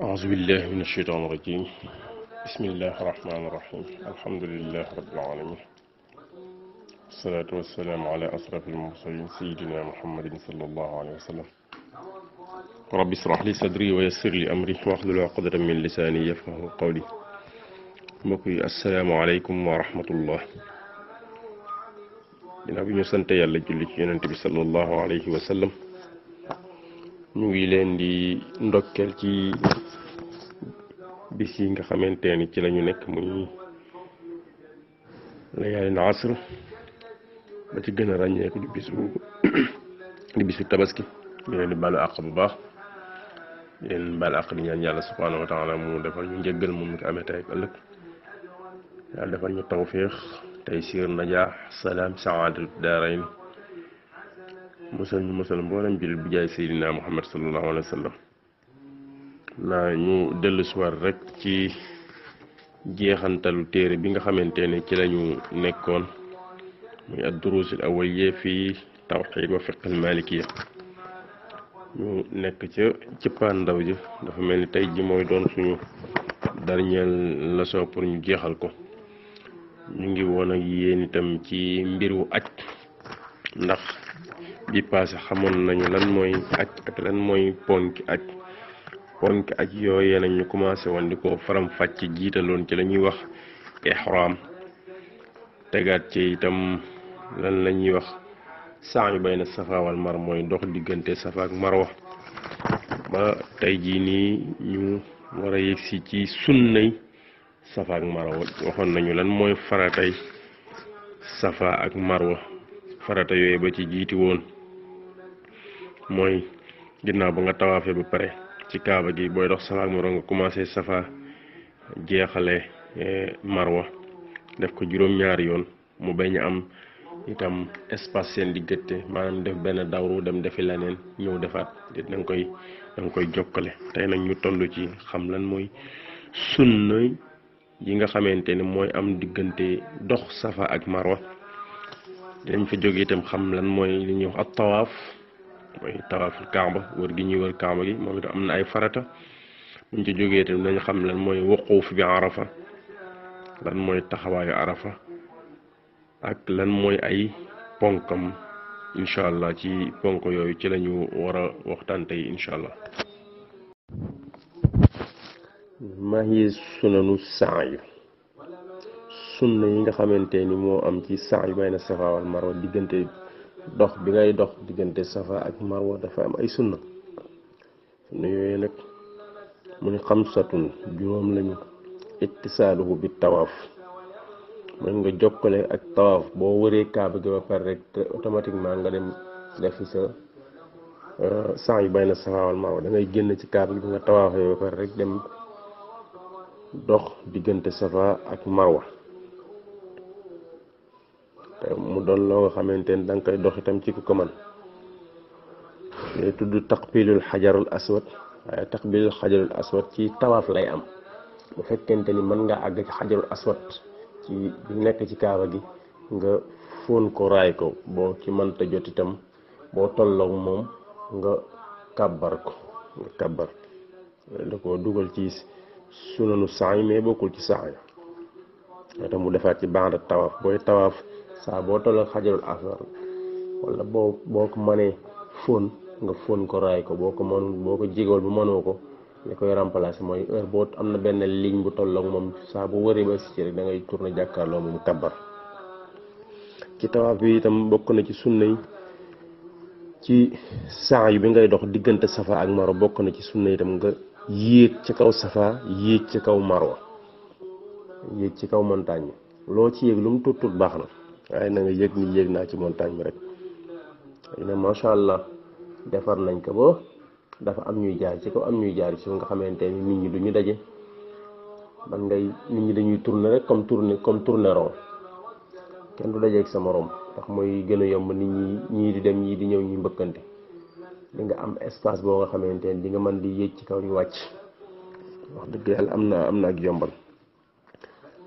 أعوذ بالله من الشيطان الرجيم بسم الله الرحمن الرحيم الحمد لله رب العالمين الصلاة والسلام على أشرف المرسلين سيدنا محمد صلى الله عليه وسلم رب اشرح لي صدري ويسر لي أمري واحلل عقدة من لساني يفقه قولي مكي السلام عليكم ورحمة الله ginnaaw bi الله sant yàlla julli ci yonente bi ñu ngi leen di ndokkeel ci bis yi nga xamante ni ci lañu nekk muy layaalin asr ba ci gën a ràññeeku di bisu di bisu tabaski di leen di baalu bu baax di leen baalu àq di ñaan yàlla subhaanahu wa taala mu defal ñu njëggal moom mi ko amee tey ak ëllëg yàlla defal ñu tawfiix tey siir najaax salaam saadatu daarayn musal ñu musal mboolem jullit bu jaay seydinaa muhammad sallallahu alayhi wa sallam naa ñu dellu soir rek ci jeexantalu téere bi nga xamante ne ci lañu nekkoon muy ad-duruusil awwaliya fii tawxiid wa fiq al malikiya ñu nekk ca cëppaan ndaw ji dafa mel ni tey ji mooy doon suñu dernier leçon pour ñu jeexal ko ñu ngi woon ak yéen itam ci mbiru aj ndax bi paase xamoon nañu lan mooy aj ak lan mooy ponki aj ponki aj yooyee nañu ñu commencé woon di ko faram fàcc jiitaloon ci lañuy ñuy wax ihram tegaat ci itam lan la ñuy wax sa'yu bayna safa mooy diggante safa ak marwa ba tey jii nii ñu war a ci sunnay safa ak marwa waxoon nañu lan mooy faratay safa ak marwa farata yooyu ba ci jiiti woon mooy ginnaaw ba nga tawaafee ba pare ci kaaba gi booy dox safa ak marwa nga commencé safa jeexale eh, marwa def ko juróom-ñaari yoon mu bañ a am itam espace seen diggante maanaam def benn dawru dem defi leneen ñëw defaat da nga koy da nga koy jokkale tey nag ñu toll ci xam lan mooy sunna yi nga xamante ne mooy am diggante dox safa ak marwa dinañ fa jóge itam xam lan mooy li ñuy wax ab tawaaf mooy tawaaful kamba wër gi ñuy wër kamba gi moom itam am na ay farata buñ ci jógee itam dañu xam lan mooy wuquuf bi rafa lan mooy taxawaayu arafa ak lan mooy ay ponkam incha allah ci ponk yooyu ci lañu war a waxtaan tey incha allah maa ngi sunanu saayu sunna yi nga xamante ni moo am ci saayu bayna safa wal marwa diggante dox bi ngay dox diggante safa ak marwa dafa am ay sunna sunna yooyu nag mu ne xamsatun juróom lañu ittisaaluhu bi tawaaf mën nga jokkale ak tawaaf boo wëree kaaba gi ba pare rek automatiquement nga dem defi sa euh, sa'i bayna safa wal marwa da génn ci kaaba gi nga tawaafee ba pare rek dem dox diggante safa ak marwa mu doon loo nga xamante ni danga koy dox itam ci ku ko man lay tudd taqbilul xajarul aswad waaye taqbilul xajarul ci tawaaf lay am bu fekkente ni man nga àgg ci xajarul aswad ci nekk ci kaaba gi nga foon ko raay ko boo ci mënta jot itam boo tolloog moom nga kàbbar ko nga kàbbar da ko dugal ci sunanu saay mais bokkul ci saay moo tax mu defaat ci bande tawaaf booy tawaaf saa boo toll xajarul aswar wala boo boo ko mënee fóon nga fóon ko raay ko boo ko mënul boo ko jégewul bu mënoo ko li koy remplacer mooy heure boo am na benn ligne bu tolloog moom saa bu wëree ba si ci rek da ngay tourner jàkkaarloo mu kabar ci tawaaf bi itam bokk na ci sunna yi ci saa yu bi ngay dox diggante safa ak maro bokk na ci sunna itam nga yéeg ci kaw safa yéeg ci kaw maro yegg ci kaw montagne lo ci yegg lum mu tut tut baax na na nga yegg ni yegg na ci montagne bi rek ina ma sha allah defar nañ ko bo dafa am ñuy jaar ci kaw am ñuy jaar ci nga xamanteni nit ñi duñu daje man ngay nit ñi dañuy tourner rek comme tourner comme tourner rond kenn du dajeeg sa morom ndax mooy gën yomb nit ñi ñi di dem ñi di ñew ñi mbëkkante di nga am espace bo nga xamanteni di nga man di yéeg ci kaw ñu wacc wax deug yalla amna amna ak yombal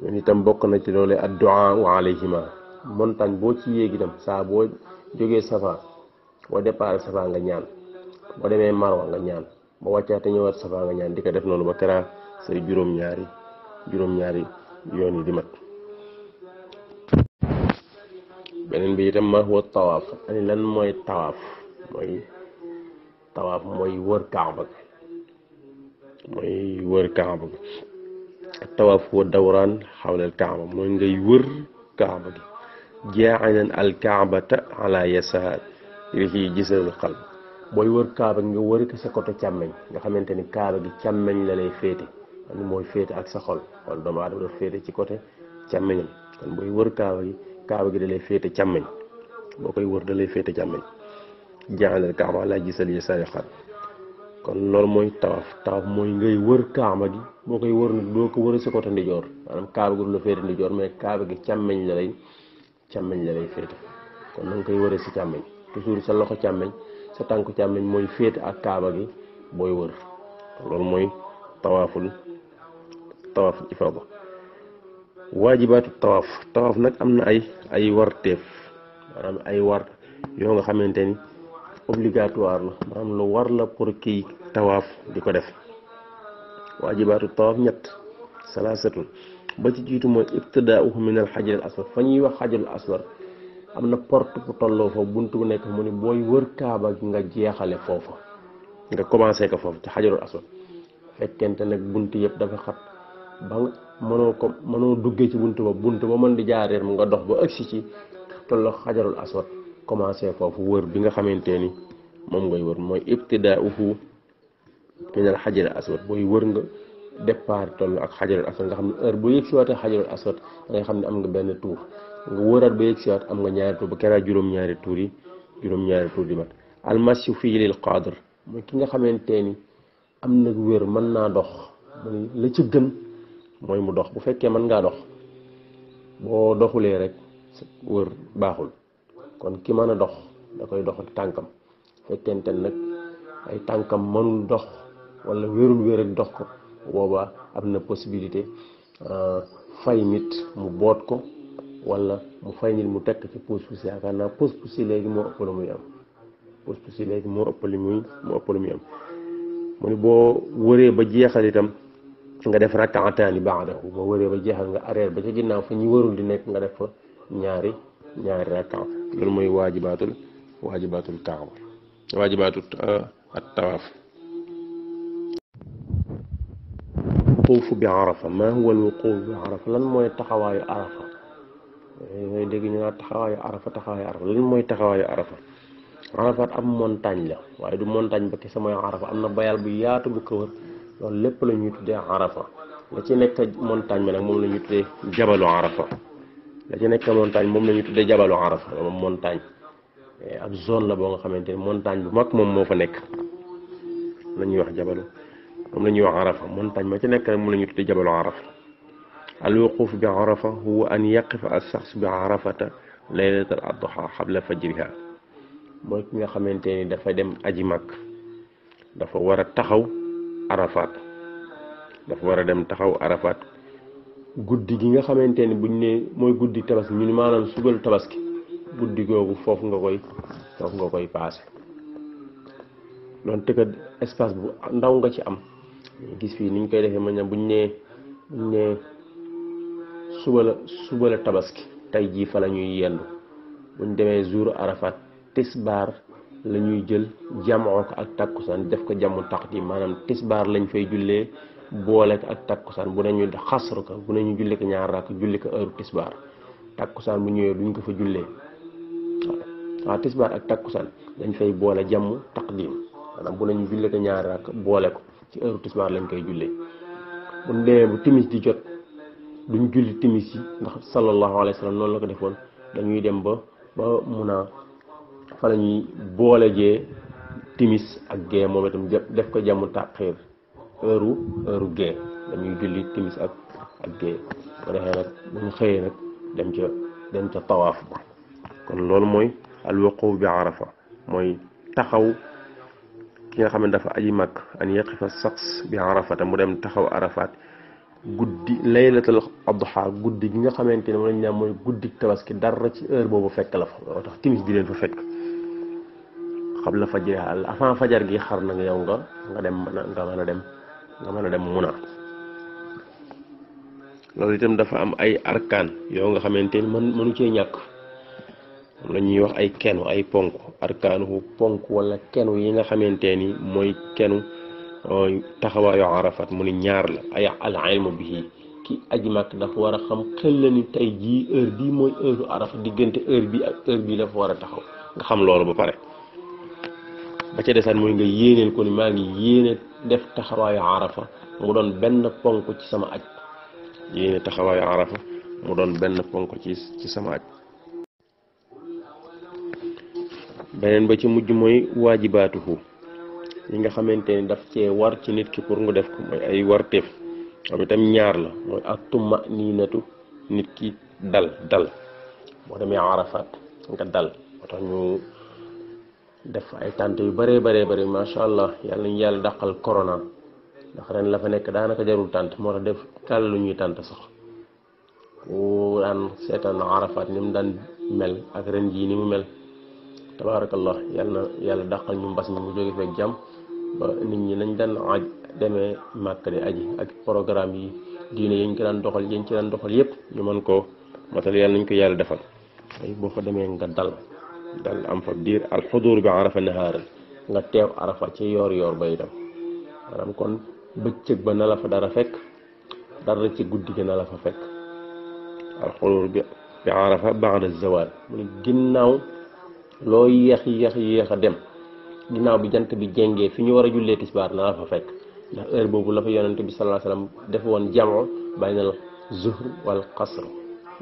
loolu itam bokk na ci loole a du'a wa alayhima montagne boo ci yéeg itam saa boo jógee safa boo départ safa nga ñaan boo demee marwa nga ñaan ba wàccaate ñëwaat safa nga ñaan di ko def noonu ba kera say juróom-ñaari juróom-ñaari yoon yi di mat beneen bi itam ma huwa tawaaf ani lan mooy tawaaf mooy wër kaaba mooy wër kaaba الطواف هو الدوران حول الكعبة mooy ngay wër kaaba gi jaa'ilan alkaabata ala yasarihi jisril qalb booy wër kaaba gi nga wër ko sa côté càmmeñ nga xamante ni kaaba gi càmmeñ la lay féete kon mooy féete ak sa xol kon doomu aadama dafa féete ci côté càmmeñam kon booy wër kaaba gi kaaba gi da lay féete càmmeñ boo koy wër da lay féete càmmeñ jaa'ilan alkaabata ala yasarihi jisril qalb kon loolu mooy tawaf tawaf mooy ngay wër kaaba gi boo koy wër nag doo ko wër sa côté ndijoor maanaam kaaba gi du la féete ndijoor mais kaaba gi càmmeñ la lay càmmeñ la lay féete kon na koy wër si càmmeñ toujours sa loxo càmmeñ sa tànku càmmeñ mooy féete ak kaaba gi booy wër loolu mooy tawaaful tawaaful ifaada waajibaatu tawaaf tawaaf nag am na ay ay warteef maanaam ay war yoo nga xamante ni obligatoire la am lu war la pour kii tawaaf di ko def waajibaatu tawaaf ñett salaasatun ba ci jiitu mooy ibtidaauhu mi al xajaril aswad fa ñuy wax xajaril aswad am na port bu tolloo fa bunt bu nekk mu ni booy wër kaaba gi nga jeexale foofa nga commencé ko foofu ci xajarul asot fekkente nag bunt yëpp dafa xat ba mënoo ko mënoo duggee ci bunt ba bunt ba mën di jaareer mu nga dox ba agsi ci tolloo xajarul aswad commencé foofu wër bi nga xamante ni moom ngay wër mooy ibtidaauhu min al xajar al aswad booy wër nga départ toll ak xajar al aswad nga xam ne heure boo yëg siwaatee xajar al aswad da nga xam ne am nga benn tuur nga wëraat ba yëg siwaat am nga ñaari tuur yi juróom-ñaari tuur yi juróom-ñaari tuur di mat almasyu fii lil qadr mooy ki nga xamante ni am na wér mën naa dox mu la ci gën mooy mu dox bu fekkee mën ngaa dox boo doxulee rek wër baaxul kon ki mën dox da koy dox ak tànkam fekkente nag ay tankam mënul dox wala wërul wër ak dox ko woba amna possibilité euh fay nit mu bot ko wala mu fay nit mu tek ci pouce pouce ya kana pouce pouce léegi mo ëppal mu yam pouce pouce pousse mo ëppal mu lu muy moo ëpp lu mu ni bo wëré ba jéxal itam nga def rakaataani ba'dahu boo wëré ba jéxal nga arrêt ba ci ginnaw fa ñi wërul di nekk nga def fa ñaari ñaari rakaat loolu mooy waajibaatul waajibaatul kaaw waajibaatul euh, at tawaaf wuquufu bi arafa maa lan mooy taxawaayu arafa yooyu dégg ñu naan lan mooy taxawaayu arafa arafat am montagne la waaye du montagne ba kese mooy arafa am na bayal bu yaatu bu ko loolu lépp la ñuy tuddee arafa la ci nekk montagne bi nag moom la ñuy tuddee jabalu arafa لكن هناك مونتاج ممكن يتدرج جبل عرفة مونتاج أبزون لبعض خمين تين مونتاج بمك ممفو فنك من يروح جبل ومن يروح عرفة مونتاج لكن هناك ممكن يتدرج جبل عرفة الوقوف بعرفة هو أن يقف الشخص بعرفة ليلة الضحى قبل فجرها ممكن خمين تين دفع دم أجمك دفع ورد تخو عرفات دفع ورد دم تخو عرفات guddi gi nga xamante ni buñ ne mooy guddi tabaski ñun maanaam sugal tabaski guddi googu foofu nga koy foofu nga koy paase noonu tëkkat espace bu ndaw nga ci am gis fii ni ñu koy defee maña buñ ne buñ ne subala subala tabaski tey jii fa la ñuy yendu buñ demee jour arafat tisbar la ñuy jël jamoo ko ak takkusaan def ko jàmm taxdi maanaam tisbar lañ fay jullee boole ko ak takkusaan bu nañu xasru ko bu nañu julli ko ñaari rakk julli ko heure tisbaar takkusaan bu ñëwee duñ ko fa jullee waaw tisbaar ak takkusaan dañ fay boole jàmm taqdim maanaam bu nañu julli ko ñaar boole ko ci heure lañ koy jullee bu demee bu timis di jot duñ julli timis yi ndax sallallahu alayhi wa noonu la ko defoon dañuy dem ba ba mun a fa la boole jee timis ak gee moom itam def ko jàmm tàxiir heure heure gée dañuy julli timis ak ak gée bu ko defee nag bu ñu xëyee nag dem ca dem ca tawaaf ba kon loolu mooy alwuquuf bi arafa mooy taxaw ki nga xam ne dafa aji mag an yaqifa sax bi arafata mu dem taxaw arafaat guddi laylatul adha guddi gi nga xamante ne moom lañ naan mooy guddi tabaski dara ci heure boobu fekk la fa loo tax timis di leen fa fekk xam la fajar avant fajar gi xar na nga yow nga nga dem nga mën a dem nga mën a dem muna loolu itam dafa am ay arkaan yoo nga xamante ni mën mënu cee ñàkk la ñuy wax ay kenu ay ponk arkaanu ponk wala kenu yi nga xamante ni mooy kenu taxawaayu arafat mu ni ñaar la ay al ilmu bihi ki aji màkk dafa war a xam xel la ni tey jii heure bii mooy heure arafat diggante heure bi ak heure bii dafa war a taxaw nga xam loolu ba pare ba ca desaan mooy nga yéeneel ko maa ngi yéene def taxawaayu arafa mu doon benn ponk ci sama aj yéene taxawaayu arafa mu doon benn ponk ci ci sama aj beneen ba ci mujj mooy waajibaatuhu yi nga xamante ni daf cee war ci nit ki pour nga def ko mooy ay warteef xam itam ñaar la mooy ak tuma nii natu nit ki dal dal demee arafaat nga moo tax ñu def ay tànt yu bëree bëree bëri macha allah yàlla ñu yàlla daqal corona ndax ren la fa nekk daanaka jarul tànt moo tax def tàll lu ñuy tànt sax ku daan seetaan ni mu daan mel ak ren jii ni mu mel tabaarakallah yàlla na yàlla dàqal ñu mbas mi mu jóge fekk jàmm ba nit ñi nañ daan aj demee màkk di aji ak programme yi diine yañ ko daan doxal yañ ci daan doxal yépp ñu mën koo matal yàlla nañ ko yàlla defal tey boo fa demee nga dal dal am fa diir alxudur bi arafa nahaaran nga teew arafa ci yoor yoor ba itam maanaam kon bëccëg ba na la fa dara fekk dara ci guddi gi na la fa fekk alxudur bi bi arafa baada zawal mu ne ginnaaw loo yéex yéex yéex a dem ginnaaw bi jant bi jengee fi ñu war a jullee tisbaar na la fa fekk ndax heure boobu la fa yonente bi salaa sallam def woon jamoo baynal zuhr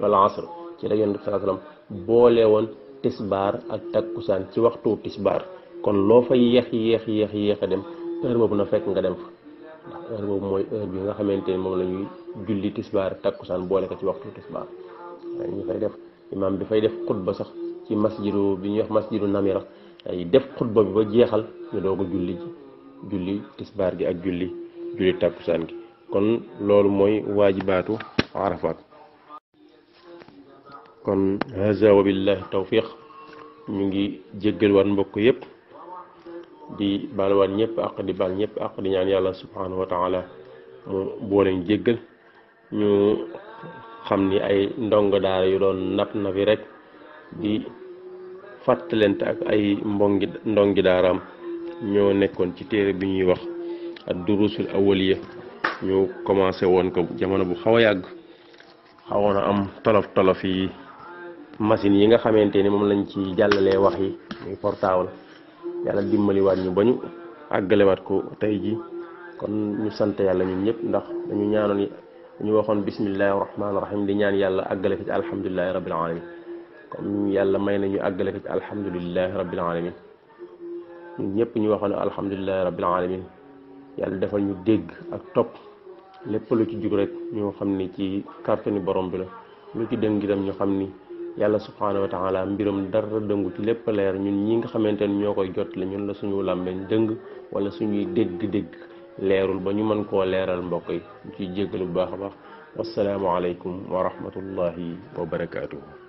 wal asr ci la yonente bi salaa boole woon tisbar ak takkusaan ci waxtu tisbar kon lo fa yex yex yex yex dem heure bobu na fekk nga dem fa heure bobu moy heure bi nga xamanteni mom lañuy julli tisbar ak takkusaan boole ko ci waxtu tisbar ñu fay def imam bi fay def khutba sax ci masjidu bi ñu wax masjidu namira ay def khutba bi ba jeexal ñu dogu julli ji julli tisbar gi ak julli julli takkusaan gi kon lolu moy wajibatu arafat kon haza wa billahi ñu ngi jéggal waan mbokk yëpp di baal waan ñëpp ak di bal ñëpp ak di ñaan yàlla subhanahu wa taala mu booleñ jéggal ñu xam ni ay ndongo daara yu doon nap na rek di fàttalente ak ay mbongi ndongi daaraam ñoo nekkoon ci téere bi ñuy wax at durusul awaliya ñu commencé woon ko jamono bu xaw a yàgg xawoon a am tolof tolof yi machine yi nga xamante ni moom lañ ci jàllalee wax yi ñuy portable yàlla dimbaliwaat ñu ba ñu àggalewaat ko tey ji kon ñu sant yàlla ñun ñëpp ndax dañu ñaanoon dañu waxoon bismillahi rahmaani rahim di ñaan yàlla àggale fi ci alhamdulilahi rabbil alamin kon yàlla may nañu àggale fi ci alhamdulilahi rabbil alamin ñu waxoon alhamdulilahi rabbil alamin yàlla defal ñu dégg ak topp lépp ci jug rek ñoo xam ni ci kàttanu borom bi la lu ci dëng itam ñu xam ni yàlla subhaanahu wa taala mbiram dara dëngu ci lépp leer ñun ñi nga xamante ne ñoo koy jot la ñun la suñu làmmeñ dëng wala suñuy dégg-dégg leerul ba ñu mën koo leeral mbokk yi ñu ciy jéggalu bu baax a baax wasalaamualeykum wa rahmatullahi wa barakaatuhu